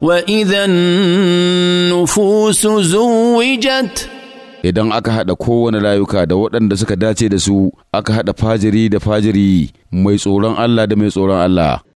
وإذا النفوس زوجت idan aka haɗa kowane rayuka da waɗanda suka dace da su aka haɗa fajiri da fajiri mai tsoron Allah da mai tsoron Allah